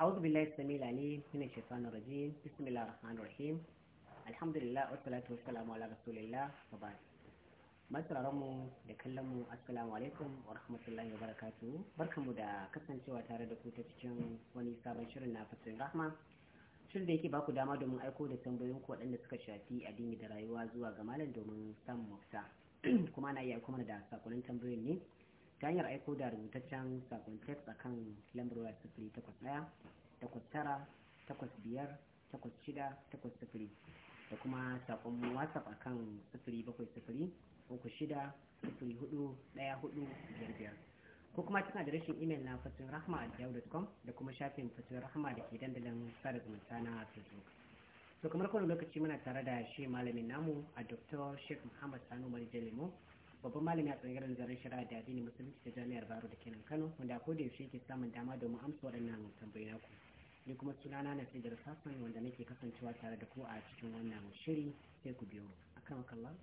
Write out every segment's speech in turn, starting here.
أعوذ بالله السميع العليم من الشيطان الرجيم بسم الله الرحمن الرحيم الحمد masararmu da kallonmu assalamu alaikum wa rahmatullahi wa barakatu da kasancewa tare da ku ta cikin wani sabon shirin na fasirin rahma shirin da yake baku dama domin aiko da tambayoyin ku waɗanda suka shafi addini da rayuwa zuwa ga malam domin samun mafita kuma na iya mana da sakonin tambayoyin ne ta hanyar aiko da rubutaccen sakon text a kan lambar waya sifiri takwas ɗaya takwas tara takwas biyar takwas shida takwas sifiri da kuma sakon whatsapp a kan sifiri bakwai sifiri uku shida sifiri hudu ɗaya hudu biyar biyar ko kuma cikin adireshin imel na fatin rahma a jiyar.com da kuma shafin fatin rahma da ke dandalin sada zumunta na facebook to kamar kowane lokaci muna tare da shi malamin namu a dr sheikh muhammad sanu marijalimo babban malami a tsangaren zaren shari'a da addini musulunci da jami'ar baro da kenan kano wanda ko da yaushe yake samun dama domin amsa waɗannan tambayi ku ni kuma sunana na sidar sassan wanda nake kasancewa tare da ku a cikin wannan shiri sai ku biyo akan kallon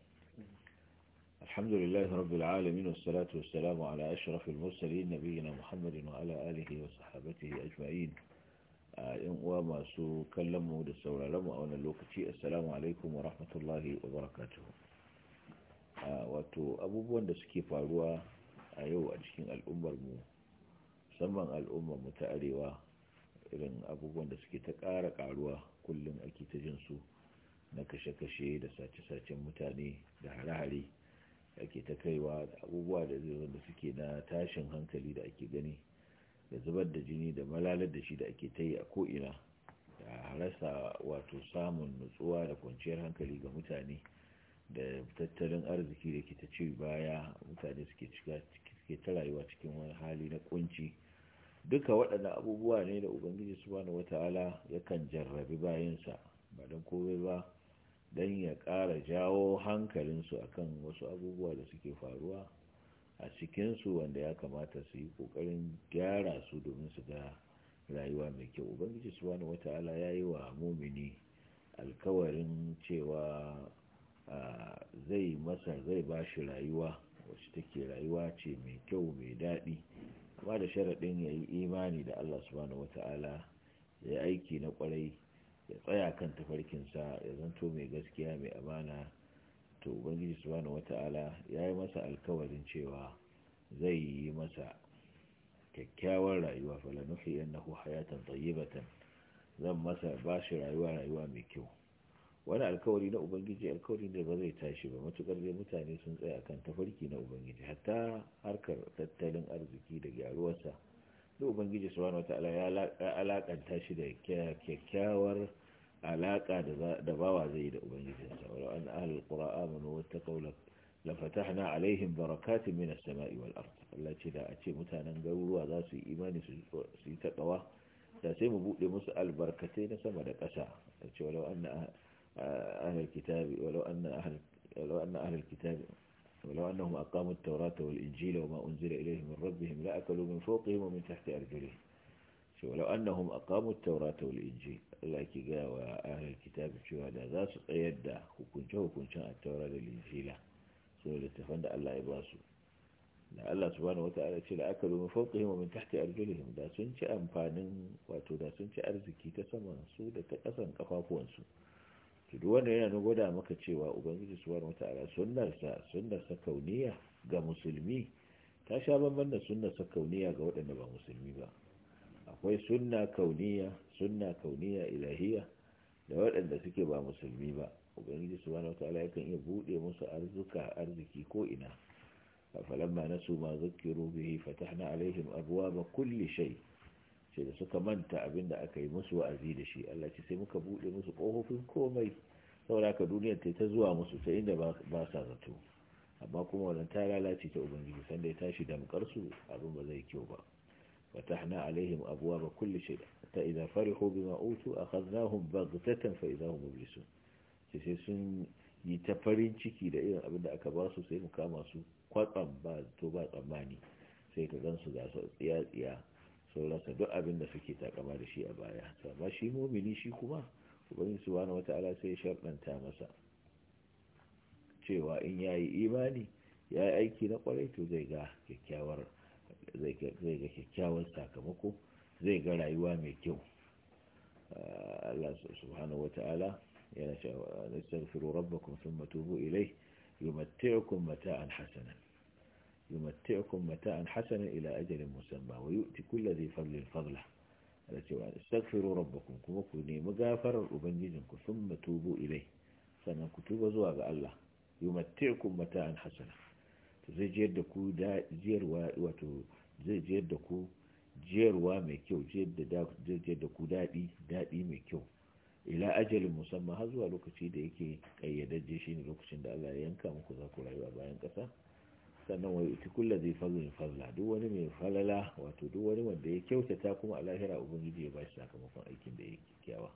الحمد لله رب العالمين والصلاة والسلام على أشرف المرسلين نبينا محمد وعلى آله وصحابته أجمعين وما سو كلمه دسولا لما أولا اللوكتي السلام عليكم ورحمة الله وبركاته wato abubuwan da suke faruwa a yau a cikin al'ummar al'ummarmu musamman mu ta arewa irin abubuwan da suke ta ƙara ƙaruwa kullum ake ta jin su na kashe-kashe da sace-sacen mutane da hare-hare ake ta kaiwa abubuwa da da suke na tashin hankali da ake gani da zubar da jini da malalar da shi da ake ta yi a ko'ina da rasa wato samun nutsuwa da kwanciyar hankali ga mutane da tattalin arziki da ke ta ci baya mutane suke ta rayuwa cikin wani hali na kunci duka waɗannan abubuwa ne da ubangiji subhanahu wata'ala yakan jarrabi bayansa ba don komai ba don ya ƙara jawo hankalinsu kan wasu abubuwa da suke faruwa a cikinsu wanda ya kamata su yi ƙoƙarin gyara su domin su ga rayuwa mai kyau ubangiji subhanahu wata'ala ya yi wa mumini alkawarin cewa zai masa zai ba shi rayuwa wacce take rayuwa ce mai kyau mai daɗi amma da sharaɗin ya yi imani da Allah subhanahu wata'ala ya yi aiki na ƙwarai ya tsaya kan tafarkinsa ya zanto mai gaskiya mai amana to ubangiji subhanahu wata'ala ya yi masa alkawarin cewa zai yi masa kyakkyawar rayuwa falanuhi yannahu hayatan tayyibatan zan masa bashi rayuwa rayuwa mai kyau wani alkawari na ubangiji alkawari da ba zai tashi ba matukar dai mutane sun tsaya kan tafarki na ubangiji hatta harkar tattalin arziki da gyaruwarsa da ubangiji wata wataala ya alakanta shi da kyakkyawar alaka da bawa zai yi da ubangijinsa wala an ahlul qura wata wattaqaw la alaihim barakatin mina sama'i wal ard Allah ce da a ce mutanen garuruwa za su yi imani su yi takawa da sai mu buɗe musu albarkatai na sama da ƙasa a ce walau an أهل الكتاب ولو أن أهل ولو أن أهل الكتاب ولو أنهم أقاموا التوراة والإنجيل وما أنزل إليهم من ربهم لأكلوا من فوقهم ومن تحت أرجلهم شو لو أنهم أقاموا التوراة والإنجيل لكن جاء أهل الكتاب شو هذا ذاس قيادة وكنشا وكنشا التوراة والإنجيل سورة التفند الله يباسو Allah subhanahu wata'ala ce da aka rumi fauƙihim wa min tahti arjulihim da sun ci amfanin wato da sun ci arziki ta saman su da ta ƙasan kafafuwansu to duk wanda yana gwada maka cewa ubangiji subhanahu wataala sunnarsa sunnarsa kauniya ga musulmi ta sha bamban da sunnarsa kauniya ga waɗanda ba musulmi ba akwai sunna kauniya sunna kauniya ilahiya da waɗanda suke ba musulmi ba ubangiji subhanahu wataala yakan iya buɗe musu arzuka arziki ko ina falamma nasu ma zukkiru bihi fatahna alaihim ba kulli shay' sai da suka manta abin da aka yi musu wa'azi da shi Allah ce sai muka buɗe musu ƙofofin komai saboda ka duniya ta zuwa musu ta inda ba sa zato amma kuma wannan ta lalace ta ubangiji sanda ya tashi damkar su abin ba zai kyau ba fatahna alaihim abwaaba kulli shay ta idza farihu bima utu akhadnahum baghtatan fa idza hum su sai sun yi ta farin ciki da irin abin da aka ba su sai mu kama su kwatsam ba to ba tsammani sai ka gan su ga su tsiya tsiya sauransa duk abin da suke takama da shi a baya amma shi mumini shi kuma ubangiji subhanahu wataala sai sharɗanta masa cewa in yayi imani ya yi aiki na kwarai to zai ga kyakkyawar sakamako zai ga rayuwa mai kyau ah, Allah subhanahu wataala yana cewa nastaghfiru rabbakum thumma tubu ilayhi yumatti'ukum mata'an hasanan yumatti'ukum mata'an hasanan ila ajalin musamma wa yu'ti kulli dhi fadlin fadla da cewa astaghfiru rabbakum kuma ku nemi gafarar ubangijinku thumma tubu ilai sanan ku tuba zuwa ga Allah yumatti'ukum mata'an hasana to zai jiyar zai jiyar da ku mai kyau jiyar daɗi daɗi mai kyau ila ajalin musamman har zuwa lokacin da yake ƙayyadajje shi ne lokacin da Allah ya yanka maku za ku rayu a bayan ƙasa sannan wa yuti kullu zai fadlin fazla duk wani mai falala wato duk wani wanda ya kyautata kuma a lahira ubangiji ya bashi sakamakon aikin da ya yi kyawa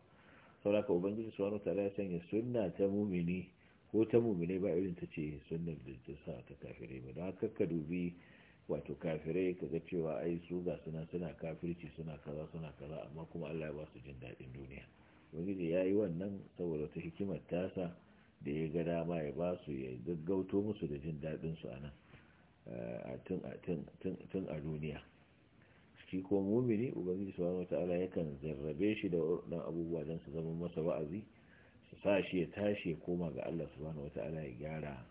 sauraka ubangiji subhanahu wataala ya sanya sunna ta mumini ko ta mumini ba irin ta ce sunna da ta sa ta kafirai ba don haka ka dubi wato kafirai ka ga cewa ai su ga suna suna kafirci suna kaza suna kaza amma kuma Allah ya ba su jin daɗin duniya ubangiji ya yi wannan saboda wata hikimar tasa da ya ga dama ya ba su ya gaggauto musu da jin daɗin su a nan tun a duniya shi ko mumini ubangiji subhanahu ya yakan zarrabe shi da wadannan abubuwa don su zama masa wa'azi su sa shi ya tashi ya koma ga Allah wata ala ya gyara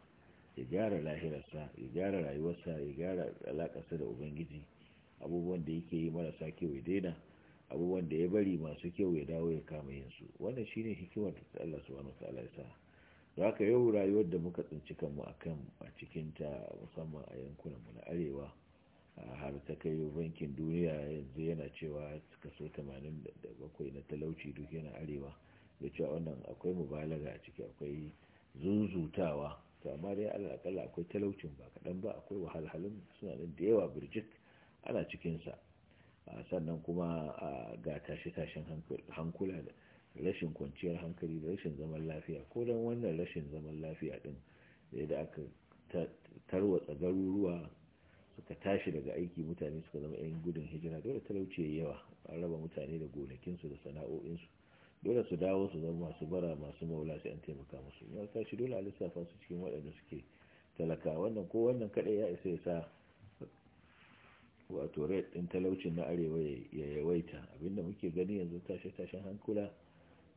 ya gyara lahirarsa ya gyara rayuwarsa ya gyara alakarsa da ubangiji abubuwan da yake yi marasa kyau ya daina abubuwan da ya bari masu kyau ya dawo ya kama yin su wannan shine hikimar da Allah wata ala ya sa za ka yau rayuwar da muka tsinci kanmu a kan a cikinta musamman a yankunan mu na arewa har ta kai bankin duniya yanzu yana cewa kaso 87 na talauci duk yana arewa da cewa wannan akwai mubalaga a ciki akwai zuzutawa to amma dai alaƙalla akwai talaucin ba kaɗan ba akwai wahalhalun suna nan da yawa birjik ana cikinsa sannan kuma ga tashe-tashen hankula da. rashin kwanciyar hankali da rashin zaman lafiya ko don wannan rashin zaman lafiya din da aka tarwatsa garuruwa suka tashi daga aiki mutane suka zama 'yan gudun hijira dole talauci ya yawa an raba mutane da gonakinsu da sana'o'insu dole su dawo su zama masu bara masu maula sai an taimaka musu ya tashi dole a lissafa su cikin waɗanda suke talaka wannan ko wannan kaɗai ya isa ya sa wato red ɗin talaucin na arewa ya yawaita abinda muke gani yanzu tashe-tashen hankula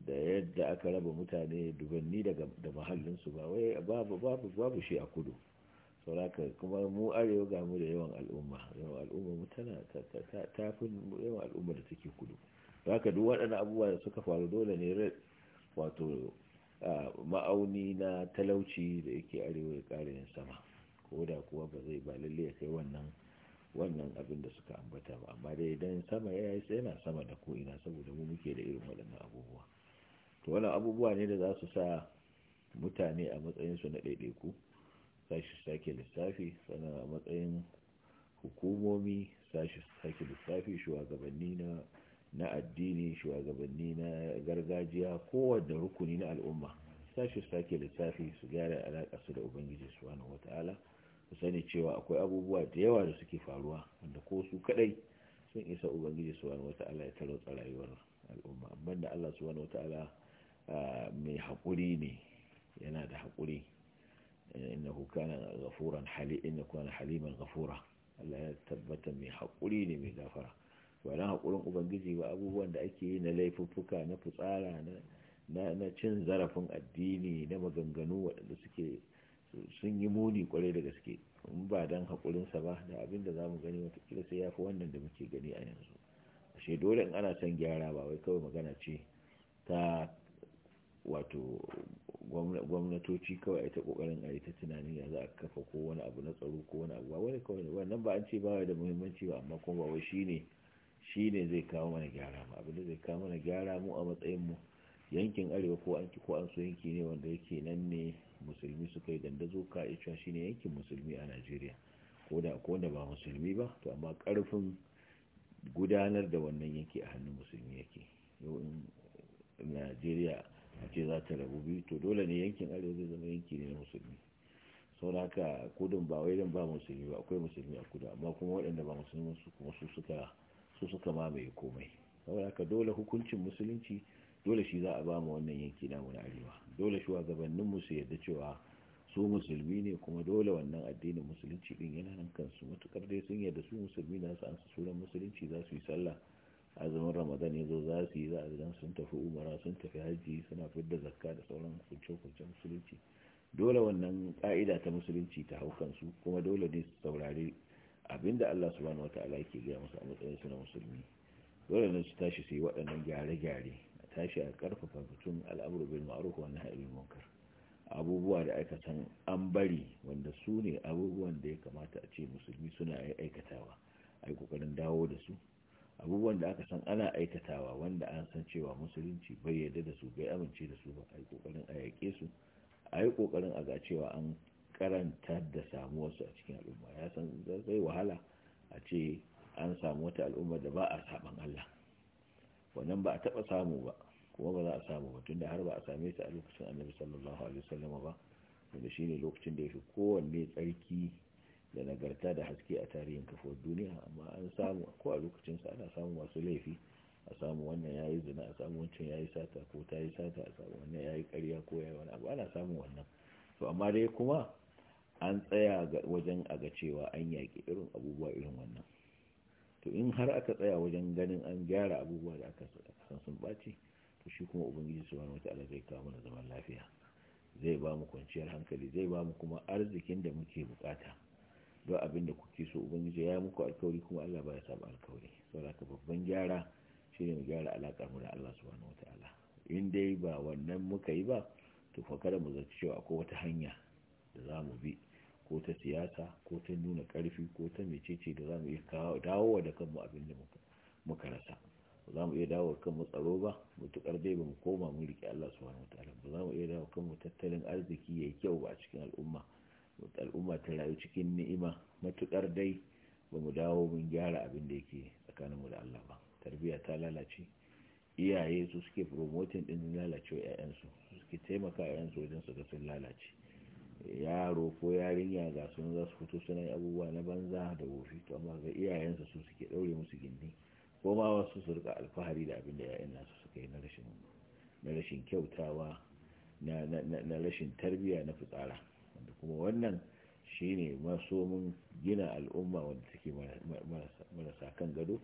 da yadda aka raba mutane dubanni daga da mahallinsu ba wai babu shi a kudu sauraka kuma mu arewa ga mu da yawan al'umma yawan al'umma mutana ta fi yawan al'umma da take kudu ka duk waɗannan abubuwa da suka faru dole ne wato ma'auni na talauci da yake arewa ya ƙarin sama ko da kuwa ba zai ba lalle ya kai wannan wannan abin da suka ambata ba amma dai idan sama ya yi yana sama da ko ina saboda mu muke da irin waɗannan abubuwa to wani abubuwa ne da za su sa mutane a matsayinsu na ɗaiɗaiku sashi sake lissafi sannan a matsayin hukumomi sashi sake lissafi shugabanni na na addini shugabanni na gargajiya kowanne rukuni na al'umma sashi sake lissafi su gyara su da ubangiji subhanahu wata'ala su sani cewa akwai abubuwa da yawa da suke faruwa wanda ko su kadai sun isa ubangiji subhanahu wata'ala ya talauta rayuwar al'umma amma da Allah subhanahu wata'ala mai haƙuri ne yana da haƙuri innahu kana ghafuran hali inna kana haliman ghafura Allah ya tabbata mai haƙuri ne mai gafara wannan haƙurin ubangiji ba abubuwan da ake yi na laifuffuka na fitsara na cin zarafin addini na maganganu waɗanda suke sun yi muni kwarai da gaske in ba dan haƙurinsa ba da abin da za mu gani watakila sai yafi wannan da muke gani a yanzu ashe dole in ana son gyara ba wai kawai magana ce ta wato gwamnatoci kawai a ita kokarin a ita tunani ya za a kafa ko wani abu na tsaro ko wani abu wani kawai wannan ba an ce ba da muhimmanci ba amma kuma ba wai shi ne zai kawo mana gyara mu abin da zai kawo mana gyara mu a matsayin mu yankin arewa ko an ko an so yanki ne wanda yake nan ne musulmi suka yi dandazo ka ita shi ne yankin musulmi a Najeriya ko da ko da ba musulmi ba to amma karfin gudanar da wannan yanki a hannun musulmi yake yau in Najeriya a ce za ta rabu biyu to dole ne yankin arewa zai zama yanki ne na musulmi saboda haka kudin ba wai ba musulmi ba akwai musulmi a kudu amma kuma waɗanda ba musulmi su kuma su suka mamaye komai saboda haka dole hukuncin musulunci dole shi za a ba mu wannan yanki namu na arewa dole shi wa mu su yarda cewa su musulmi ne kuma dole wannan addinin musulunci din yana nan kansu matukar dai sun yarda su musulmi na su an su sunan musulunci za su yi sallah azumin ramadan ya zo za su yi za a gidan sun tafi umara sun tafi hajji suna fidda zakka da sauran kunce-kuncen musulunci dole wannan ka'ida ta musulunci ta hau kansu kuma dole ne su saurari abinda Allah subhanahu ta'ala yake gaya musu a matsayin su na musulmi dole ne su tashi su yi waɗannan gyare-gyare a tashi a karfafa mutum al'amuru bin ma'aruf wa nahyi munkar abubuwa da aka san an bari wanda su ne abubuwan da ya kamata a ce musulmi suna aikatawa ai kokarin dawo da su abubuwan da aka san ana aikatawa wanda an san cewa musulunci bai yarda da su bai amince da su ba a yi kokarin a yaƙe su a yi kokarin a ga cewa an karanta da samuwarsu a cikin al'umma ya san zai wahala a ce an samu wata al'umma da ba a saban Allah wannan ba a taɓa samu ba kuma ba za a samu ba tunda har ba a same su a lokacin annabi sallallahu alaihi wasallam ba wanda shine lokacin da ya fi kowanne tsarki da nagarta da haske a tarihin kafuwar duniya amma an samu ko a lokacinsa ana samu masu laifi a samu wannan ya yi zina a samu wancan ya yi sata ko ta yi sata a samu wannan ya yi karya ko ya wani abu ana samun wannan to amma dai kuma an tsaya wajen a ga cewa an yaƙi irin abubuwa irin wannan to in har aka tsaya wajen ganin an gyara abubuwa da aka san sun ɓaci to shi kuma ubangiji su wani wata'ala zai kawo mana zaman lafiya zai ba mu kwanciyar hankali zai ba mu kuma arzikin da muke bukata don abin da kuke so ubangiji ya muku alkawari kuma Allah ya saba alkawari saboda babban gyara shine mu gyara alakar mu da Allah subhanahu ala in dai ba wannan muka yi ba to fa kada mu zaci cewa akwai wata hanya da za mu bi ko ta siyasa ko ta nuna ƙarfi ko ta mecece da za mu iya dawo da kanmu abin da muka rasa ba za mu iya dawo kanmu tsaro ba mutuƙar dai ba mu koma mu riƙe Allah subhanahu ala ba za mu iya dawo kanmu tattalin arziki yayi kyau ba a cikin al'umma al'umma ta rayu cikin ni'ima matuƙar dai ba mu dawo mun gyara abin da yake tsakaninmu da Allah ba tarbiyya ta lalace iyaye su suke promoting din lalacewa ƴaƴansu suke taimaka ƴaƴansu wajen su ga sun lalace yaro ko yarinya ga sun za su fito suna abubuwa na banza da wofi to amma ga iyayensu su suke ɗaure musu gindi ko ma wasu su rika alfahari da abin da ƴaƴan nasu suka yi na rashin na rashin kyautawa na rashin tarbiyya na fitsara kuma wannan shine masomin gina al'umma wanda take marasa kan gado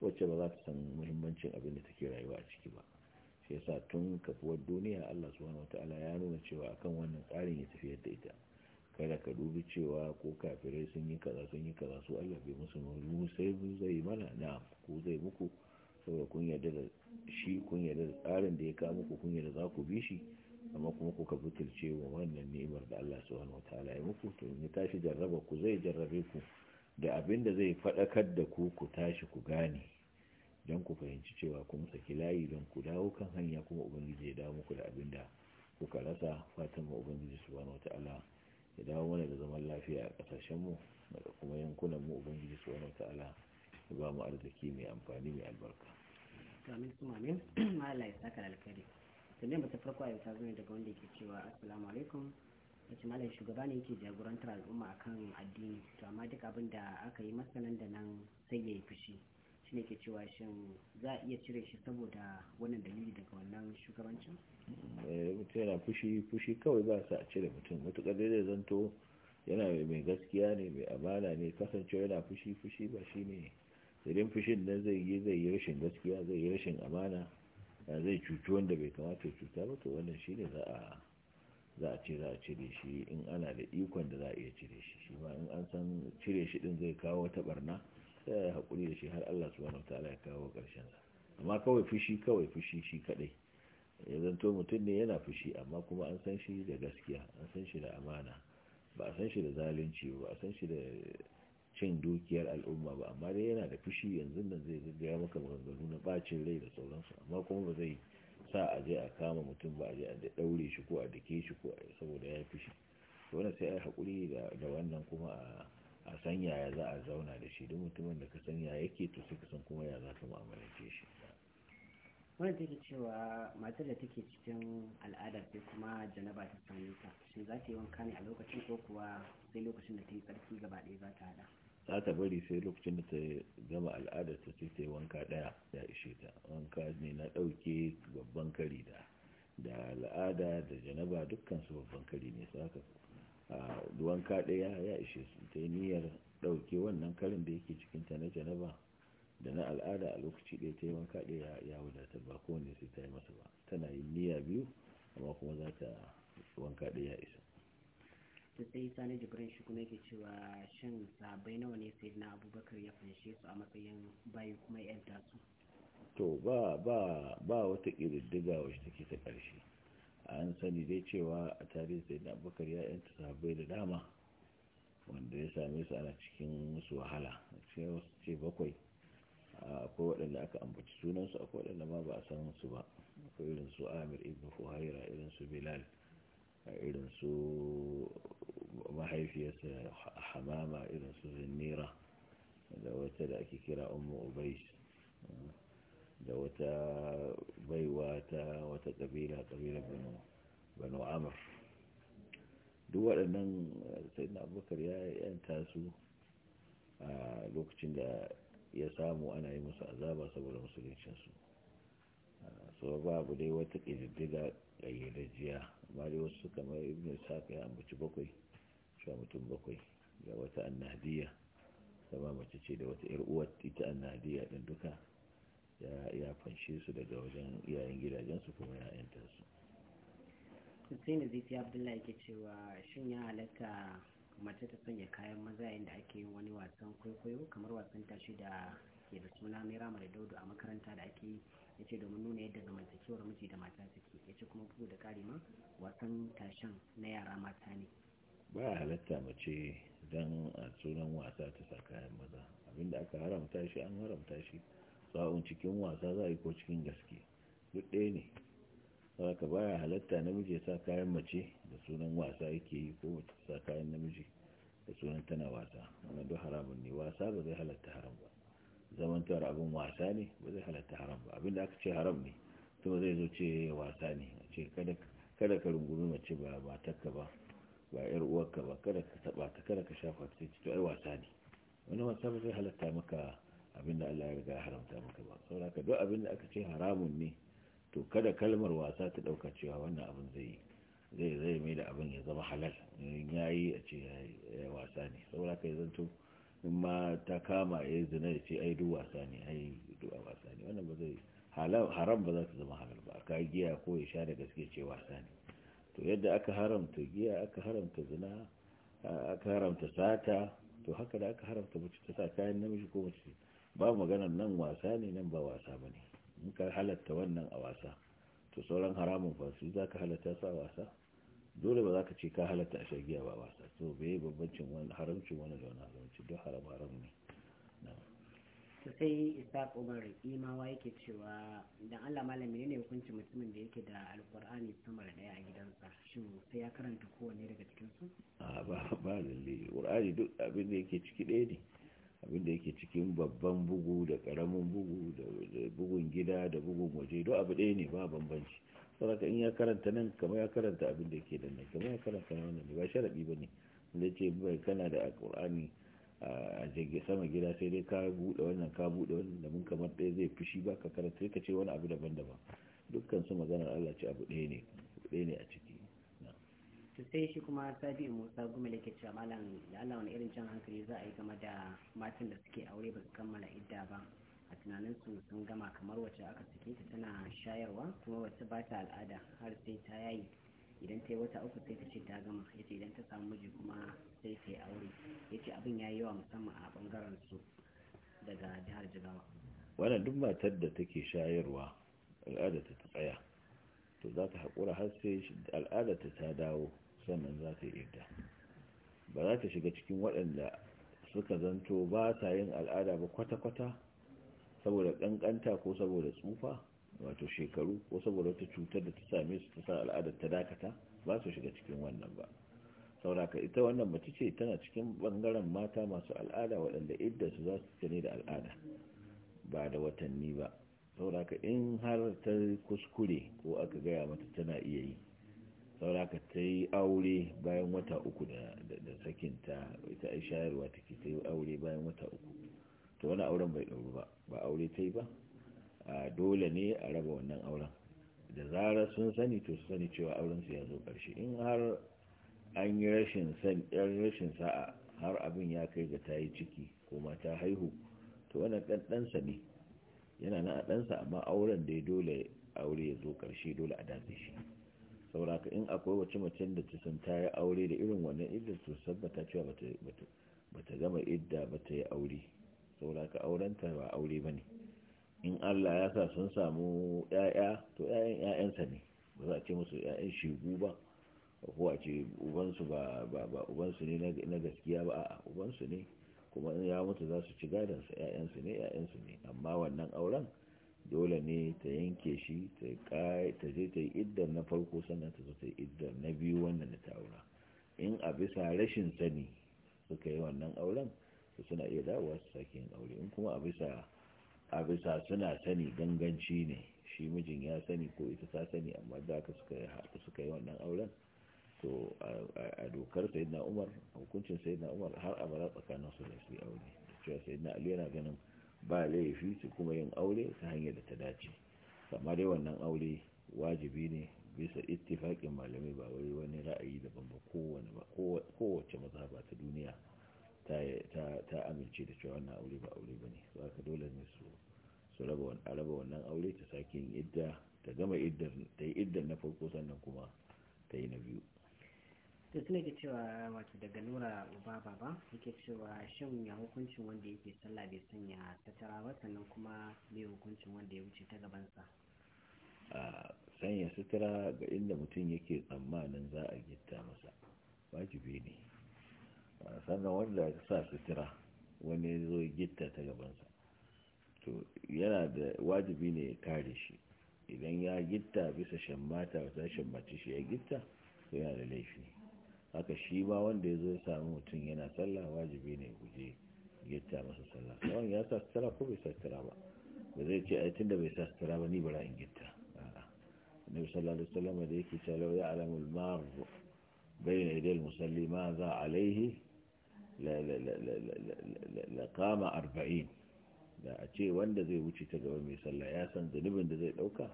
wacce ba za ta san muhimmancin abin da take rayuwa a ciki ba shi yasa tun kafuwar duniya Allah subhanahu wataala ya nuna cewa akan wannan tsarin ya tafiyar da ita kada ka dubi cewa ko kafirai sun yi kaza sun yi kaza su Allah bai musu mu sai mu zai mana na ku zai muku saboda kun yarda da shi kun yarda da tsarin da ya kawo muku kun yarda za ku bi shi amma kuma kuka butulce wa wannan ni'imar da Allah subhanahu wataala ya muku to mu tashi jarraba ku zai jarrabe ku da abin da zai fadakar da ku ku tashi ku gane don ku fahimci cewa kun saki layi don ku dawo kan hanya kuma ubangiji ya dawo muku da abin da kuka rasa fatan mu ubangiji subhanahu wataala ya dawo mana da zaman lafiya a kasashen mu da kuma yankunan mu ubangiji subhanahu wataala ya ba mu arziki mai amfani mai albarka amin kuma amin Allah ya saka alkhairi ba ta farko a yau ta zo daga wanda ke cewa assalamu alaikum ya ce malam shugaba ne yake jagorantar al'umma a kan addini to amma duk abin da aka yi masa nan da nan sai ya yi fushi shi ne ke cewa shin za a iya cire shi saboda wannan dalili daga wannan shugabancin eh, mutum yana fushi fushi kawai ba sa a cire mutum matuƙar daidai zanto yana mai gaskiya ne mai amana ne kasancewa yana fushi fushi ba shi ne idan fushin nan zai yi zai yi rashin gaskiya zai yi rashin amana zai cuci wanda bai kamata ya cuta ba to wannan shi ne za a za ce za a cire shi in ana da ikon da za a iya cire shi shi ma in an san cire shi din zai kawo wata barna sai ya haƙuri da shi har Allah subhanahu ta'ala ya kawo ƙarshen sa amma kawai fushi kawai fushi shi kadai ya zanto mutum ne yana fushi amma kuma an san shi da gaskiya an san shi da amana ba a san shi da zalunci ba a san shi da cin dukiyar al'umma ba amma dai yana da fushi yanzu nan zai gaggaya maka maganganu na bacin rai da sauransu amma kuma ba zai sa a je a kama mutum ba a je a daure shi ko a dake shi ko saboda ya fushi to wannan sai a hakuri da wannan kuma a san yaya za a zauna da shi duk mutumin da ka san yaya yake to sai ka san kuma ya za ka mu'amalance shi wanda take cewa matar da take cikin al'adar sai kuma janaba ta same ta shin za ta yi wanka ne a lokacin ko kuwa sai lokacin da ta yi tsarki gaba ɗaya za ta haɗa za ta bari sai lokacin da ta gama al'adar ta ce ta yi wanka ɗaya ya ishe ta wanka ne na ɗauke babban kari da da al'ada da janaba dukkan su babban kari ne su haka wanka ɗaya ya ishe su ta yi niyyar ɗauke wannan karin da yake cikin ta na janaba da na al'ada a lokaci ɗaya ta yi wanka ɗaya ya wadatar ba kowane sai ta yi masa ba tana yin niyya biyu amma kuma za ta wanka ɗaya ya isa ta sai sani jibrin shi kuma yake cewa shin sahabbai nawa ne sai na abubakar ya fanshe su a matsayin bayi kuma ya yanta to ba ba ba wata ƙididdiga wacce take ta ƙarshe an sani dai cewa a tarihi sai na abubakar ya yanta sahabbai da dama wanda ya same su ana cikin wasu wahala cikin wasu ce bakwai akwai waɗanda aka ambaci sunansu akwai waɗanda ma ba a san su ba akwai irin su amir ibn fuhaira irin su bilal irin su mahaifiyarsa hamama irin su zinnira da wata da ake kira umu ubais da wata baiwa ta wata kabila kabila banu amur duk waɗannan sai na abubakar ya yanta su a lokacin da ya samu ana yi musu azaba saboda musuluncinsu so babu dai wata ƙididdiga ƙayyadajjiya amma dai wasu kamar ibn saka ya ambaci bakwai sha mutum bakwai ga wata annahdiya sama mace ce da wata 'yar ita annahdiya ɗin duka ya fanshe su daga wajen iyayen gidajensu kuma ya'yantarsu. zai fi Abdullahi ke cewa shin ya halatta mace ta sanya kayan maza yayin da ake yin wani wasan kwaikwayo kamar wasan tashi da ke da suna mera mara daudu a makaranta da ake yi ya ce domin nuna yadda zamantakewar miji da mata suke ya ce kuma bugu da ƙari ma wasan tashen na yara mata ne ba a halatta mace don a sunan wasa ta sa kayan maza abinda aka haramta shi an haramta shi sa'un cikin wasa za a yi ko cikin gaske duk ɗaya ne haka baya halatta namiji ya sa kayan mace da sunan wasa yake yi ko mace sa kayan namiji da sunan tana wasa wannan duk haramun ne wasa ba zai halatta haram ba tawar abin wasa ne ba zai halatta haram ba abinda aka ce haram ne to zai zo ce wasa ne a ce kada ka rungumi mace ba matarka ba ba yar uwarka ba kada ka taba ta kada ka shafa ta ce ai wasa ne wani wasa ba zai halatta maka abinda Allah ya riga ya haramta maka ba saboda duk abinda aka ce haramun ne to kada kalmar wasa ta ɗauka cewa wannan abin zai zai zai mai da abin ya zama halal in ya yi a ce wasa ne saboda ka yi zanto in ma ta kama ya zina ya ce ai duk wasa ne ai duk wasa ne wannan ba zai haram ba za ta zama halal ba ka giya ko ya sha da gaske ce wasa ne to yadda aka haramta giya aka haramta zina aka haramta sata to haka da aka haramta mace ta sa kayan namiji ko mace ba maganar nan wasa ne nan ba wasa ba ne in ka halatta wannan a wasa to sauran haramun fa su za ka halatta su a wasa dole ba za ka ce ka halatta a shagiya ba wasa to bai babbancin wani haramcin wani da wani haramci don haram haram ne to sai isa umar imawa yake cewa idan allah malami ne hukunci mutumin da yake da alkur'ani sama da daya a gidansa shin sai ya karanta kowane daga cikinsu a ba ba lalle qur'ani duk abinda yake ciki daya ne abinda yake cikin babban bugu da karamin bugu da bugun gida da bugun waje duk abu ɗaya ne ba bambanci saboda in ya karanta nan kamar ya karanta abin da yake nan kamar ya karanta nan ne ba sharadi ne wanda ce bai kana da alƙur'ani a jirgin sama gida sai dai ka buɗe wannan ka buɗe wannan da mun kamar ɗaya zai fushi ba ka karanta sai ka ce wani abu daban-daban dukkan su maganar Allah ce abu ɗaya ɗaya ne a ciki to sai shi kuma sabiu musa goma da ke cewa malam da allah wani irin jan hankali za a yi game da matan da suke aure ba su kammala idda ba a tunanin su sun gama kamar wacce aka sake ta tana shayarwa kuma wacce ba ta al'ada har sai ta yayi idan ta yi wata uku sai ta ce ta gama ya idan ta samu miji kuma sai ta yi aure ya ce abin ya yi yawa musamman a bangaren su daga jihar jigawa wannan duk matar da take shayarwa al'ada ta tsaya to za ta haƙura har sai al'ada ta dawo sannan za ta yi idda ba za ta shiga cikin waɗanda suka zanto ba ta yin al'ada ba kwata-kwata saboda ƙanƙanta ko saboda tsufa wato shekaru ko saboda wata cutar da ta same su ta sa al'adar ta dakata ba su shiga cikin wannan ba sauraka ita wannan mace ce tana cikin bangaren mata masu al'ada waɗanda idda su za su ne da al'ada ba da watanni ba sauraka in har ta kuskure ko aka gaya mata tana iya yi haka ta yi aure bayan wata uku da sakinta ita a shayarwa take ta yi aure bayan wata uku to wani auren bai ɗauru ba ba aure ta yi ba dole ne a raba wannan auren da zarar sun sani to su sani cewa su ya zo ƙarshe in har an yi rashin sa'a har abin ya kai ga ta yi ciki kuma ta haihu to wannan ɗansa ne yana nan a ɗansa amma auren da ya dole aure ya zo ƙarshe dole a dace shi sauraka in akwai wace macen da ta san ta yi aure da irin wannan iddar to sabbata cewa bata gama idda ta yi aure sauraka aurenta ba aure ba ne in allah ya sa sun samu ya'ya to ya'yan ya'yansa ne ba za a ce musu ya'yan shigu ba ko a ce ubansu ba ubansu ne na gaskiya ba a ubansu ne kuma in ya mutu za su ci gadansa ya'yansu ne ya'yansu ne amma wannan auren dole ne ta yanke shi ta je ta yi iddar na farko sannan ta zo ta yi iddar na biyu wannan da ta aura in a bisa rashin sani suka yi wannan auren su suna iya dawowa su sake yin aure in kuma a bisa suna sani ganganci ne shi mijin ya sani ko ita ta sani amma da aka suka haɗu suka yi wannan auren to a dokar sayyidina umar hukuncin sayyidina umar har abara tsakanin su da su yi aure cewa sayyidina ali yana ganin ba laifi su kuma yin aure ta hanyar da ta dace amma dai wannan aure wajibi ne bisa ittifaƙin malamai ba wai wani ra'ayi daban ba kowace mazhaba ta duniya ta amince da cewa wannan aure ba aure ba ne ka dole ne su su raba wannan aure ta sake yin idda ta gama iddar ta yi iddar na farko sannan kuma ta yi na biyu to suna ke cewa wato daga nura uba baba yake cewa shan ya hukuncin wanda yake sallah bai sanya satara ba sannan kuma me hukuncin wanda ya wuce ta gabansa a sanya sutura ga inda mutum yake tsammanin za a gitta masa wajibi ne sannan wanda ya sa sutura wani ya zo gitta ta gabansa to yana da wajibi ne ya kare shi idan ya gitta bisa shan shammata shan mace shi ya gitta to yana da laifi haka shi ba wanda ya zo ya sami mutum yana sallah wajibi ne guje gita masa sallah kawai ya sa sutura ko bai sa sutura ba ba zai ce a tun da bai sa sutura ba ni bara in gita ne sallah da sallah da yake cewa ya alamu al bai bayna musalli ma za a laihi la arba'in da a ce wanda zai wuce ta gaba mai sallah ya san zunubin da zai ɗauka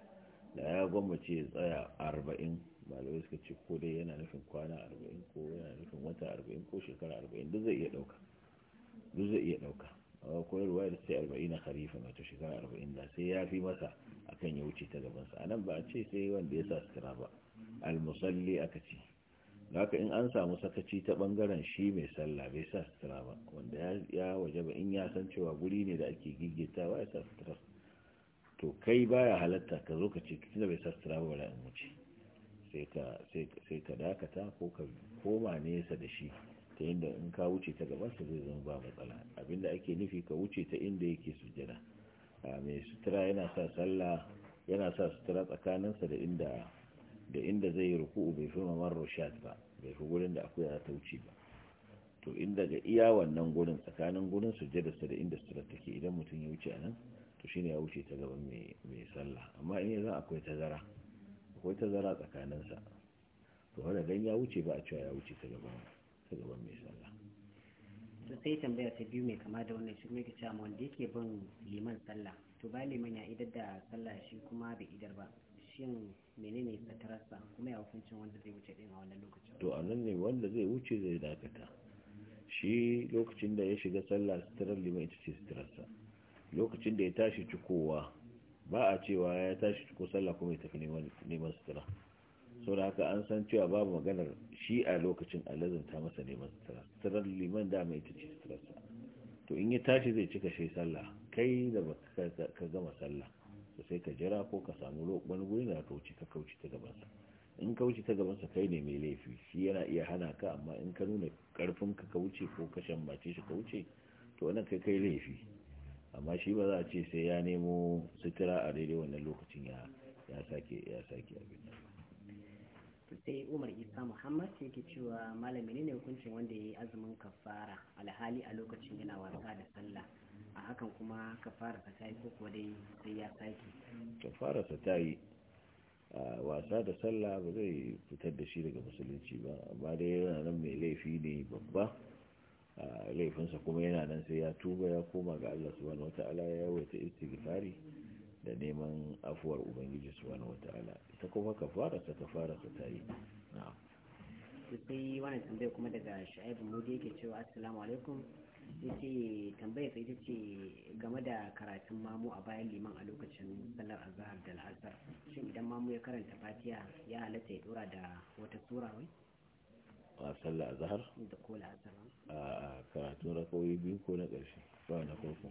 da ya gwammace ya tsaya arba'in malamai suka ce ko dai yana nufin kwana arba'in ko yana nufin wata arba'in ko shekara arba'in duk zai iya ɗauka duk zai iya dauka amma koyarwa da sai arba'in na harifin to shekara arba'in na sai ya fi masa akan ya wuce ta gabansa a nan ba a ce sai wanda ya sa sutura ba almusalli aka ce haka in an samu sakaci ta bangaren shi mai sallah bai sa sutura ba wanda ya waje ba in ya san cewa guri ne da ake ba ya sa sutura to kai baya halatta ka zo ka ce tunda bai sa sutura ba in wuce sai ka dakata ko ka koma nesa da shi ta yadda in ka wuce ta gaban su zai zama ba matsala abinda ake nufi ka wuce ta inda yake sujjada mai sutura yana sa sallah yana sa sutura tsakaninsa da inda zai yi ruku'u bai fi mamar roshat ba bai fi gurin da akwai ta wuce ba to in daga iya wannan gurin tsakanin gurin sujjadarsa da inda sutura take idan mutum ya wuce a nan to shine ya wuce ta gaban mai sallah amma in ya zan akwai tazara akwai tazara tsakaninsa to wanda dan ya wuce ba a cewa ya wuce ta gaban ta mai sallah to sai tambaya ta biyu mai kama da wannan shi kuma yake cewa wanda yake bin liman sallah to ba liman ya idar da sallah shi kuma bai idar ba shin menene tsakararsa kuma ya hukuncin wanda zai wuce din a wannan lokacin to a nan ne wanda zai wuce zai dakata shi lokacin da ya shiga sallah sitirar liman ita ce sitirarsa lokacin da ya tashi cikowa ba a cewa ya tashi ko sallah kuma ya tafi neman sutura sau da haka an san cewa babu maganar shi a lokacin allazanta masa neman sutura suturar liman dama ita ce suturarsa to in ya tashi zai cika shi sallah kai da ba ka gama sallah to sai ka jira ko ka samu wani guri na kauci ka kauci ta gabansa in kauci ta gabansa kai ne mai laifi shi yana iya hana ka amma in ka nuna karfin ka kauce ko ka shambace shi kauce to wannan kai kai laifi amma shi ba za a ce sai ya nemo sutura a daidai wannan lokacin ya sake ya sake abin sai umar isa muhammad ke cewa malami ne hukuncin wanda ya yi azumin kafara alhali a lokacin yana wasa da sallah a hakan kuma kafararsa ta yi ko kuwa dai sai ya sake kafararsa ta yi wasa da sallah ba zai fitar da shi daga musulunci ba amma dai yana nan mai laifi ne babba laifinsa kuma yana nan sai ya tuba ya koma ga Allah subhanahu wata'ala ya yawaita istighfari da neman afuwar ubangiji subhanahu wata'ala ita kuma kafara ta kafara ta tayi na'am sai wannan tambaya kuma daga Shu'aibu Mudi yake cewa assalamu alaikum yace tambayar sai ta ce game da karatun mamu a bayan liman a lokacin sallar azhar da la'asar. shin idan mamu ya karanta fatiha ya halatta ya dora da wata sura wai a zahar? a karatun rakowi biyu ko na ƙarshe ba na farko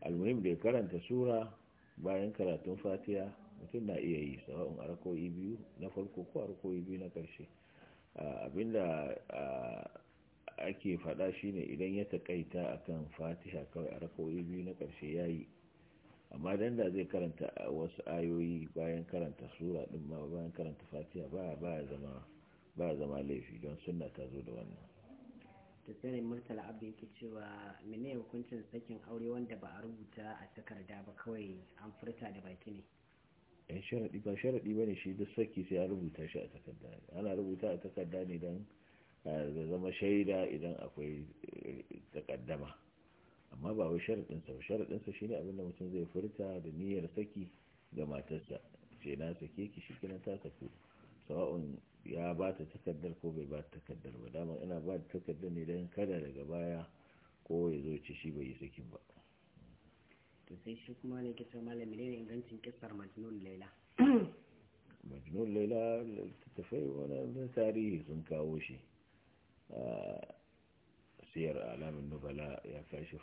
almuhim da ya karanta sura bayan karatun fatiha mutum na iya yi sawa'un a rakoyi biyu na farko ko a rakowi biyu na ƙarshe abinda ake faɗa shine idan ya taƙaita akan fatiha kawai a rakoyi biyu na ƙarshe ya yi amma dan da zai karanta wasu ayoyi bayan karanta sura din ma bayan karanta fatiha ba ba zama ba zama laifi don suna ta zo da wannan da sai murtala abu yake cewa mene hukuncin sakin aure wanda ba a rubuta a takarda ba kawai an furta da baki ne yan eh, sharaɗi ba sharaɗi ba ne shi duk saki sai an rubuta shi a takarda ana rubuta a takarda ne don da eh, zama shaida idan akwai eh, takaddama amma ba wai sharaɗinsa ba sharaɗinsa shi ne abinda mutum zai furta da niyyar saki ga matarsa ce na sake ki kina ta ya ba ta takardar ko bai ba ta takardar ba dama ina ba ta takardar ne don kada daga baya ko ya zo ci shi bai yi sakin ba to sai shi kuma ne kisa malami ne ingancin kisar majnun laila majnun laila tafai wani abin tarihi sun kawo shi a siyar alamin nubala ya kashi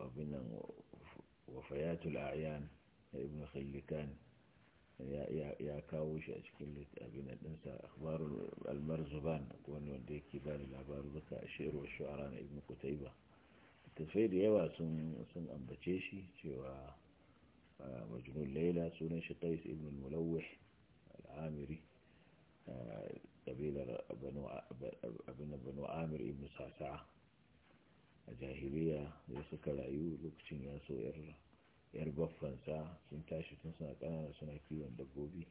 abin nan wafayatul ayan ibn khillikan ya kawo shi a cikin abin ɗinsa akhbarul almarzuban wani wanda yake ba da labarin zaka a shero shu'ara na ibn kutaiba tafai da yawa sun ambace shi cewa majnun laila sunan shi qais ibn mulawih al-amiri kabilar abin banu amir ibn sasa'a a jahiliya ya suka rayu lokacin ya so yar yar sa sun tashi tun suna ƙanana suna kiwon dabbobi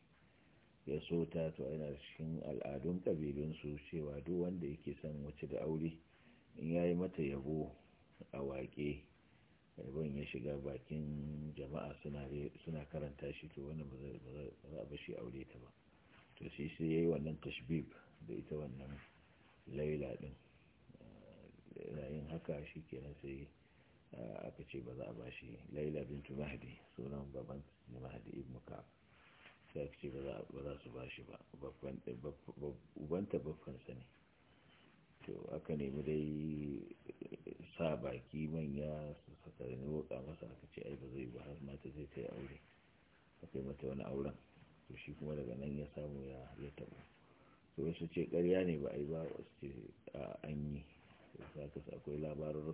ya so ta to yana cikin al'adun ƙabilunsu cewa duk wanda yake son wace da aure in ya yi mata yabo a waƙe yabon ya shiga bakin jama'a suna karanta shi to wannan ba za a bashi aure ta ba to shi sai ya yi wannan tashbib da ita wannan laila din yayin haka shi kenan sai aka ce ba za a bashi laila bintu Mahadi, sunan baban na mahdi ibn ka'ab sai aka ce ba za su bashi ba ubanta babbansa ne to aka nemi dai sa baki manya su saka da wuka masa aka ce ai ba zai ba har mata zai kai aure aka yi mata wani auren to shi kuma daga nan ya samu ya taɓa? to wasu ce ƙarya ne ba a yi ba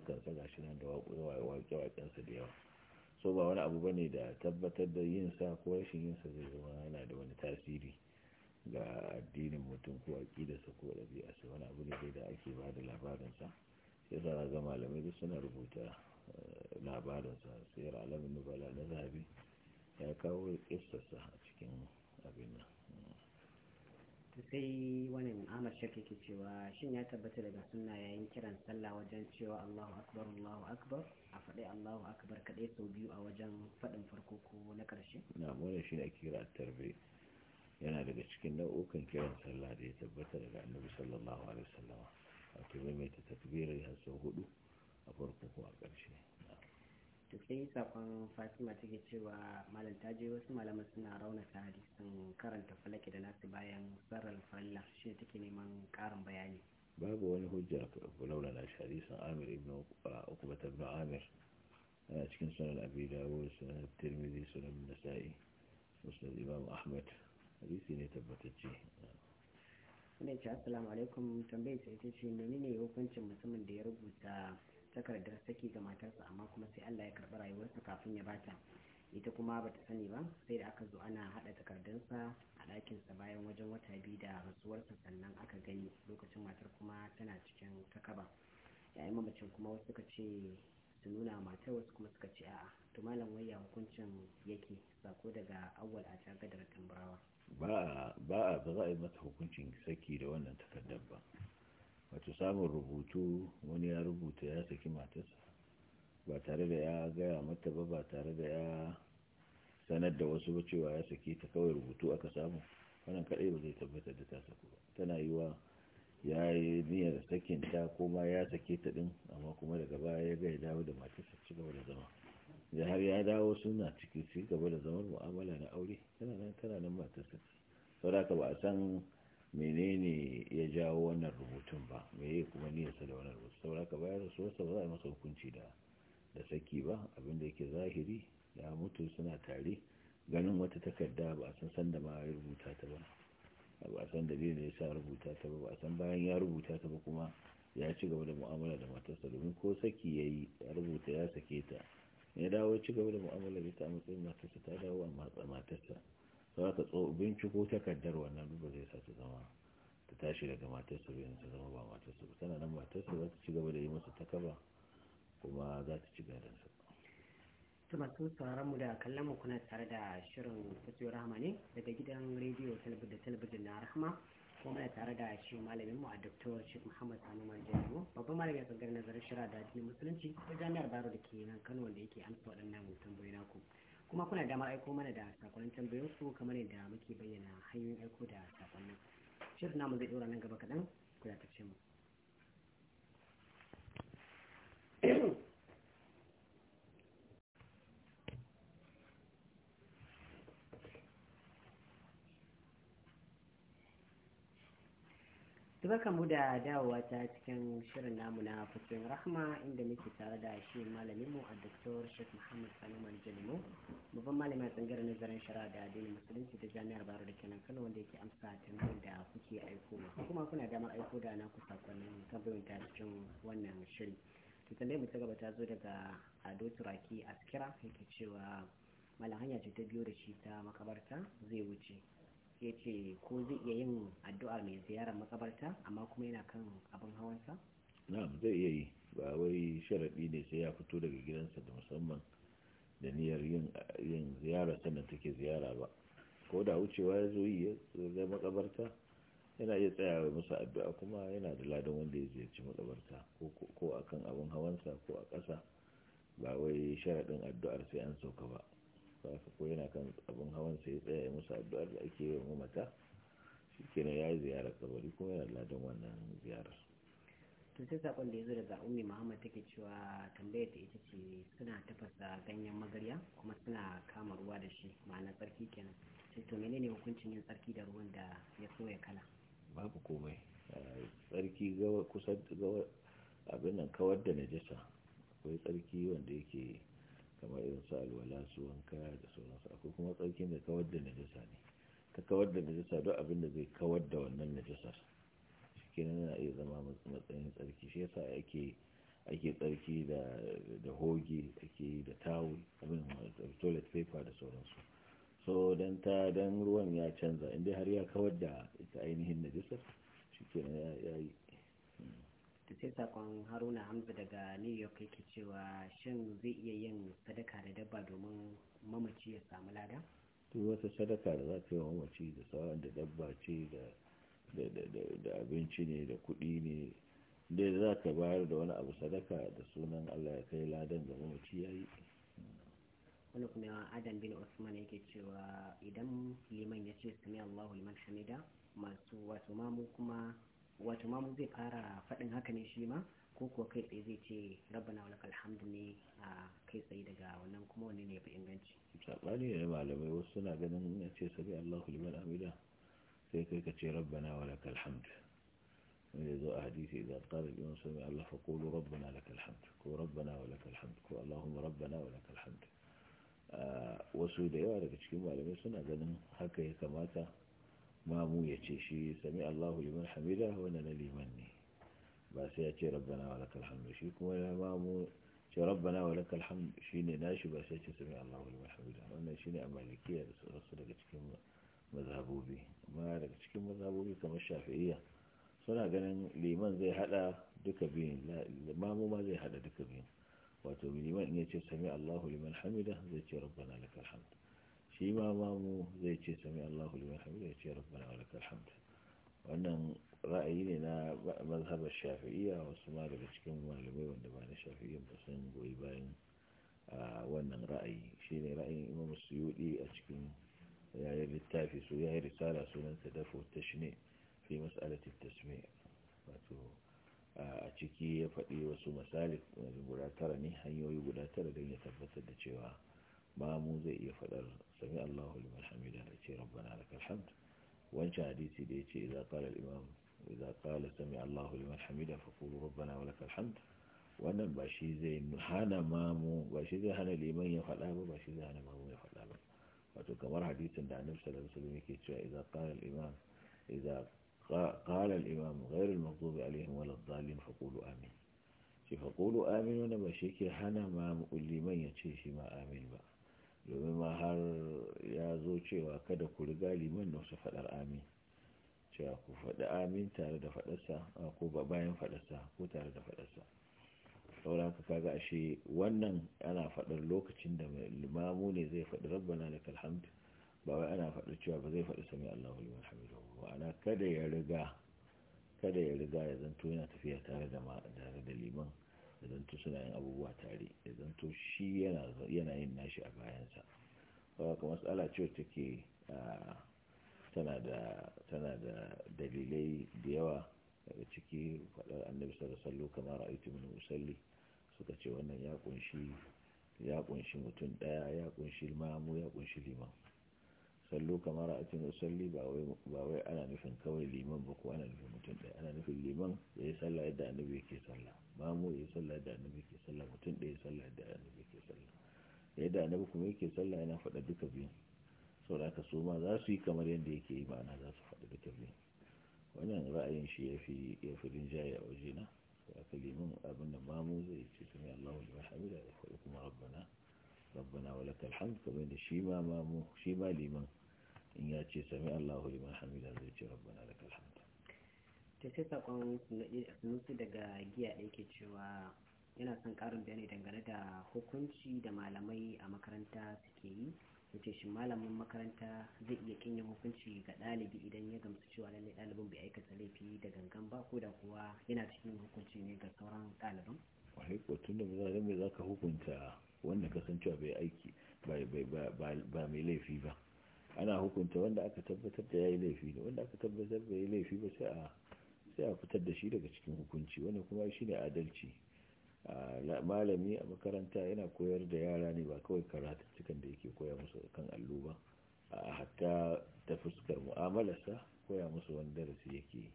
dukkansa ga shi nan da waƙe-waƙensa da yawa so ba wani abu bane da tabbatar da yin sa ko rashin yin sa zai zama yana da wani tasiri ga addinin mutum ko sa ko sai wani abu ne da ake ba da labarinsa sai sa ga malamai duk suna rubuta eh, labarinsa sai alamin nubala na zahabi ya kawo ƙistarsa a cikin abin nan sai wannan Ahmad Shakki ke cewa shin ya tabbata daga sunna yayin kiran sallah wajen cewa Allahu akbar Allahu akbar a faɗi Allahu akbar kaɗai sau biyu a wajen faɗin farko ko na ƙarshe? Na mura shi ake kira tarbe yana daga cikin nau'ukan kiran sallah da ya tabbata daga Annabi sallallahu alaihi a mai ta takbiri sau hudu a farko ko a ƙarshe. to sai sakon fatima ke cewa malam ta je wasu malaman suna raunata hadisin karanta falaki da nasu bayan tsarar falla shi take neman karin bayani babu wani hujja laura na hadisin amir ibn ukubatar ibn amir a cikin sunan da dawud sunan tirmidhi sunan nasa'i sunan imam ahmad hadisi ne tabbatacce ne ce assalamu alaikum tambayar sai ta ce menene hukuncin mutumin da ya rubuta takardar saki ga matarsa amma kuma sai Allah ya karɓi rayuwarsa kafin ya bata ita kuma bata sani ba sai da aka zo ana haɗa takardunsa a ɗakinsa bayan wajen wata biyu da rasuwarsa sannan aka gani lokacin matar kuma tana cikin takaba yayin mamacin kuma wasu suka ce su nuna matar wasu kuma suka ce a'a to malam wayya hukuncin yake sako daga awwal a tagadar tambarawa ba a ba za a yi masa hukuncin saki da wannan takardar ba wato samun rubutu wani ya rubuta ya saki matarsa ba tare da ya gaya mata ba ba tare da ya sanar da wasu ba cewa ya saki ta kawai rubutu aka samu wannan kadai ba zai tabbata da ta saku ba tana yi wa ya yi niyyar sakin ta ma ya sake ta ɗin amma kuma daga baya ya ga ya dawo da matarsa ci gaba da zama da har ya dawo suna cikin ci gaba da zaman mu'amala na aure tana nan tana nan matarsa saboda ba a san menene ya jawo wannan rubutun ba me ya kuma niyarsa da wannan rubutun saboda ka bayar rasuwarsa ba za a masa hukunci da da saki ba abin abinda yake zahiri da mutu suna tare ganin wata takarda ba a san da ma ya rubuta ta ba ba a san dalilin da ya sa rubuta ta ba ba a san bayan ya rubuta ta ba kuma ya ci gaba da mu'amala da matarsa domin ko saki ya yi ya rubuta ya sake ta ya dawo ci gaba da mu'amala da ta a matsayin matarsa ta dawo a matarsa za ta tso binciko takardar wannan duk ba zai sa su zama ta tashi daga matarsa bayan ta zama ba matarsa ba tana nan matarsa za ta ci gaba da yi masa takaba kuma za ta ci gadansa ta masu sauran mu da kallon mu kuna tare da shirin fasiyo rahama ne daga gidan rediyo talabijin talabijin na rahama kuma na tare da shi malamin mu a doktor shi muhammad sanu marjanu babban malamin a tsangar nazarin shira da addinin musulunci ta jami'ar baro da ke nan kano wanda yake amsa waɗannan tambayoyi naku kuma kuna damar aiko mana da sakonnin tambayoyin su kamar yadda muke bayyana hanyoyin aiko da sakonnin shirin namu zai dora nan gaba kaɗan ku mu Tuba mu da dawowa ta cikin shirin namu na fuskin rahama inda muke tare da shi malaminmu a Dr. Sheikh Muhammad Sanuman jalimu babban malamin tsangar nazarin shari'a da addinin musulunci da jami'ar Baro da kenan Kano wanda yake amsa tambayar da kuke aiko ma Kuma kuna damar aiko da na kusa kwanan tambayoyin ta cikin wannan shiri. To tambayar mu ta gaba ta zo daga Ado Turaki Askira yake cewa malam hanya ce ta biyo da shi ta makabarta zai wuce ya ce ko zai iya yin addu'a mai ziyarar makabarta amma kuma yana kan abin hawansa? na'am zai iya yi ba wai sharaɗi ne sai ya fito daga gidansa da musamman da niyyar yin ziyara sannan take ziyara ba ko da wucewa ya zo yi ya zai makabarta yana iya tsayawa masa addu'a kuma yana da ladan wanda ya ziyarci makabarta ko a kan abin hawansa ko a ƙasa ba wai sharaɗin addu'ar sai an sauka ba haka ko yana kan abin hawan sai ya tsaya ya musu addu'ar da ake yi wa mata shi kenan ya yi ziyara kabari kuma yana ladan wannan ziyarar tun sai sakon da ya zo daga ummi muhammad take cewa tambayar ta ita ce suna tafasa ganyen magarya kuma suna kama ruwa da shi ma'ana tsarki kenan sai to menene hukuncin yin tsarki da ruwan da ya soya kala babu komai tsarki gawa kusa gawa abin nan kawar da najasa akwai tsarki wanda yake kamar irin su alwala su wanka da sauransu akwai kuma tsarkin da kawar da najasa ne ta kawar da najasa don abin da zai kawar da wannan najasar shi kenan yana iya zama matsayin tsarki shi yasa ake ake tsarki da hoge ake da tawul abin toilet paper da sauransu so don ta don ruwan ya canza inda har ya kawar da ita ainihin najasar shi kenan ya yi ta sai sakon haruna hamza daga new york yake cewa shin zai iya yin sadaka da dabba domin mamaci ya samu lada to wata sadaka da za ka yi mamaci da sauran da dabba ce da abinci ne da kuɗi ne da za ka bayar da wani abu sadaka da sunan allah ya kai ladan da mamaci ya yi wani kuma adam bin usman yake cewa idan liman ya ce sami allahu liman hamida masu wasu mamu kuma wato mu zai fara faɗin haka ne shi ma ko kuwa kai tsaye zai ce rabbana wa lakal hamdu ne a kai tsaye daga wannan kuma wani ne ya fi inganci sabani da malamai wasu suna ganin ya ce sabi Allahu liman amida sai kai ka ce rabbana wa lakal hamdu ya zo a hadisi idan qala al-imam sami Allah fa qulu rabbana lakal hamdu ko rabbana wa lakal hamdu ko Allahumma rabbana wa lakal hamdu wasu da yawa daga cikin malamai suna ganin haka ya kamata mamu ya ce shi sami Allahu liman hamida wanda na liman ne ba sai ya ce rabbana wa lakal hamdu shi kuma ya mamu ce rabbana wa lakal hamdu shine nashi ba sai ya ce sami Allahu liman hamida wannan shine a malikiya da su daga cikin mazhabobi amma daga cikin mazhabobi kamar shafi'iyya suna ganin liman zai hada duka biyun mamu ma zai hada duka biyun wato liman in ya ce sami Allahu liman hamida zai ce rabbana lakal hamdu shi ma mamu zai ce sami Allahu liman hamida ya ce rabbana wa lakal hamd wannan ra'ayi ne na mazhabar shafi'iyya wasu ma daga cikin malamai wanda ba na shafi'iyya ba sun goyi bayan wannan ra'ayi shine ra'ayin Imam Suyudi a cikin yayin littafi su yayin risala sunansa dafu tashni fi mas'alati tasmi wato a ciki ya faɗi wasu misali guda tara ne hanyoyi guda tara don ya tabbatar da cewa ba mu zai iya faɗar sami Allahu liman hamida da ce rabbana lakal hamd wancan hadisi da yace idza qala al imam idza qala sami Allahu liman hamida fa qulu rabbana walakal hamd wannan ba shi zai hana mamu ba shi zai hana liman ya faɗa ba ba shi zai hana mamu ya faɗa ba wato kamar hadisin da annabi sallallahu alaihi wasallam yake cewa idza qala al imam idza qala al imam ghayr al maghdubi alaihim wal dhalin fa qulu amin shi fa qulu amin wannan ba shi ke hana mamu liman ya ce shi ma amin ba domin ma har ya zo cewa kada ku riga liman da wasu faɗar amin cewa ku faɗi amin tare da faɗarsa ko ba bayan faɗarsa ko tare da faɗarsa saboda haka kaga ashe wannan ana faɗar lokacin da limamu ne zai faɗi rabbana lakal hamd ba wai ana faɗar cewa ba zai faɗi sami Allahu liman hamidu ba ana kada ya riga kada ya riga ya zanto yana tafiya tare da liman idan to suna yin abubuwa tare idan to shi yana yin nashi a bayansa kawaka matsala ce take tana da dalilai da yawa daga ciki faɗar annabi sallallahu kamar ra'aytu min musalli suka ce wannan ya kunshi ya kunshi mutum daya ya kunshi mamu ya kunshi liman sallo kamar a cikin usalli ba wai ana nufin kawai liman ba ko ana nufin mutum ɗaya ana nufin liman ya yi sallah yadda annabi salla ba mu ya yi salla yadda annabi yake sallah mutum ɗaya ya salla yadda annabi yake sallah yadda annabi kuma yake sallah yana faɗa duka biyun sau da aka so ma za su yi kamar yadda yake yi ma'ana za su faɗa duka biyun wannan ra'ayin shi ya fi ya fi rinjaye a wajena to aka liman abin da mamu zai ce sami allahu liman hamida ya faɗi kuma rabbana rabbana wa lakal hamd kamar da shi ma mamu shi ma liman in ya ce sami Allahu liman hamida zai ce rabbana da hamd ta sai sakon sunusi daga giya ɗaya ke cewa yana son ƙarin bayani dangane da hukunci da malamai a makaranta suke yi ce shi malamin makaranta zai iya kin hukunci ga ɗalibi idan ya gamsu cewa lalle ɗalibin bai aikata laifi da gangan ba ko da kuwa yana cikin hukunci ne ga sauran ɗaliban wahai ko tun da mai za ka hukunta wanda kasancewa bai aiki ba mai laifi ba ana hukunta wanda aka tabbatar da ya yi laifi ne wanda aka tabbatar da ya yi laifi ba sai a sai a fitar da shi daga cikin hukunci wanda kuma shi ne adalci malami a makaranta yana koyar da yara ne ba kawai karatun da yake koya musu kan allo ba a hatta ta fuskar mu'amalarsa koya musu wani darasi yake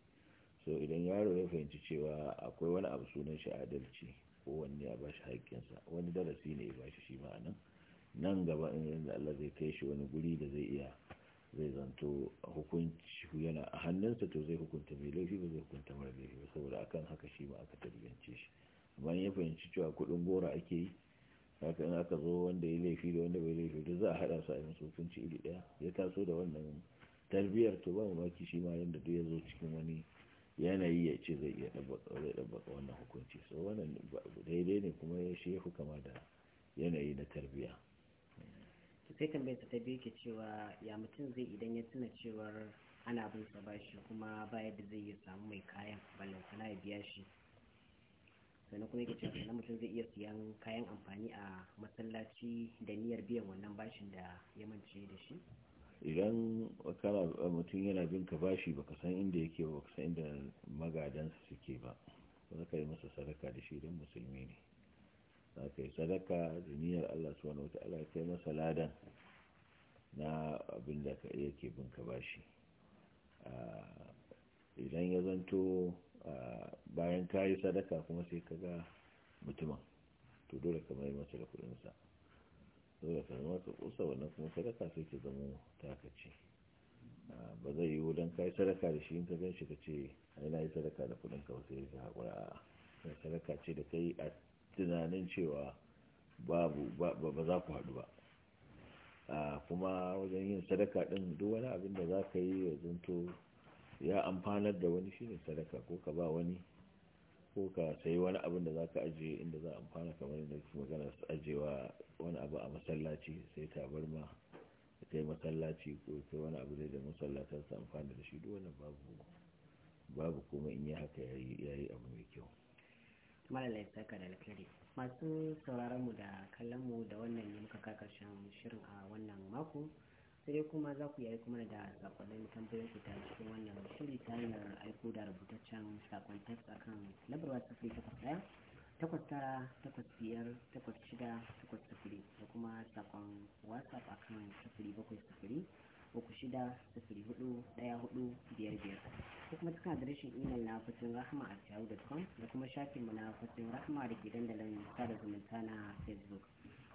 so idan yaro ya fahimci cewa akwai wani abu sunan shi adalci ko wanne ya bashi haƙƙinsa wani darasi ne ya bashi shi nan. nan gaba in da Allah zai kai shi wani guri da zai iya zai zanto hukunci yana a hannunsa to zai hukunta mai laifi ba zai hukunta mara laifi ba saboda akan haka shi ma aka tarbiyance shi amma ya fahimci cewa kuɗin gora ake yi haka in aka zo wanda ya laifi da wanda bai laifi da za a haɗa su a yin hukunci iri ɗaya ya taso da wannan tarbiyar to ba mu baki shi ma yadda duk ya zo cikin wani yanayi ya ce zai iya ɗabbaka wannan hukunci so wannan daidai ne kuma ya shehu kama da yanayi na tarbiyya sai tambayar ta biyu ke cewa ya mutum zai idan ya tuna cewar ana bin sa bashi kuma ba yadda zai iya samu mai kayan ballantana ya biya shi sannan kuma yake cewa sannan mutum zai iya siyan kayan amfani a masallaci da niyyar biyan wannan bashin da ya mance da shi idan kana mutum yana bin ka bashi baka san inda yake ba baka san inda magadansa suke ba ba za ka yi masa sadaka da shi idan musulmi ne za ka yi sadaka da niyyar Allah su wani wata ta'ala kai masa ladan na abin da yake bin ka bashi idan ya zanto bayan ka yi sadaka kuma sai ka ga mutumin to dole ka mai masa da kudinsa dole ka zama ka kusa wannan kuma sadaka sai ta zama takaci ba zai yi wudan ka yi sadaka da shi in ka gan shi ka ce ainihin yi sadaka da kudinka ka wasu ya haƙura a sadaka ce da kai a tunanin cewa babu ba za ku haɗu ba kuma wajen yin sadaka ɗin duk wani abin da za ka yi ya zanto ya amfanar da wani shine sadaka ko ka ba wani ko ka sayi wani abin da za ka ajiye inda za a amfana kamar yadda kuma magana su ajiyewa wani abu a masallaci sai ma ma kai masallaci ko kai wani abu zai da masallata su amfana da shi duk wani babu babu in yi haka ya yi abu mai kyau malalaita da alkhairi masu sauraron mu da kallon mu da wannan ne muka karshen shirin a wannan mako sai dai kuma za ku yi aiko mana da sakonnin tambayoyin ku ta cikin wannan shiri ta hanyar aiko da rubutaccen sakon a kan lambar wasu sifiri takwas ɗaya takwas tara takwas biyar takwas shida takwas sifiri da kuma sakon whatsapp akan sifiri bakwai sifiri uku shida sifiri hudu daya hudu biyar biyar ko kuma cikin adireshin imel na fatin rahama a yahoo.com da kuma shafin mu na fatin rahama da ke dandalin sada zumunta na facebook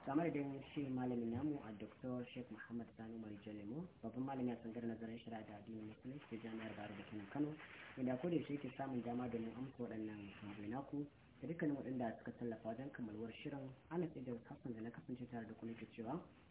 kamar da shi malamin namu a dr sheikh muhammad sani umar jalemo babban malamin a tsangar nazarin shari'a da addinin musulunci da jami'ar baro da kanin kano inda ko da yaushe ke samun dama domin amsa waɗannan tambayoyi naku da dukkanin waɗanda suka tallafa don kammaluwar shirin ana tsaye da da na kasance tare da kuma cewa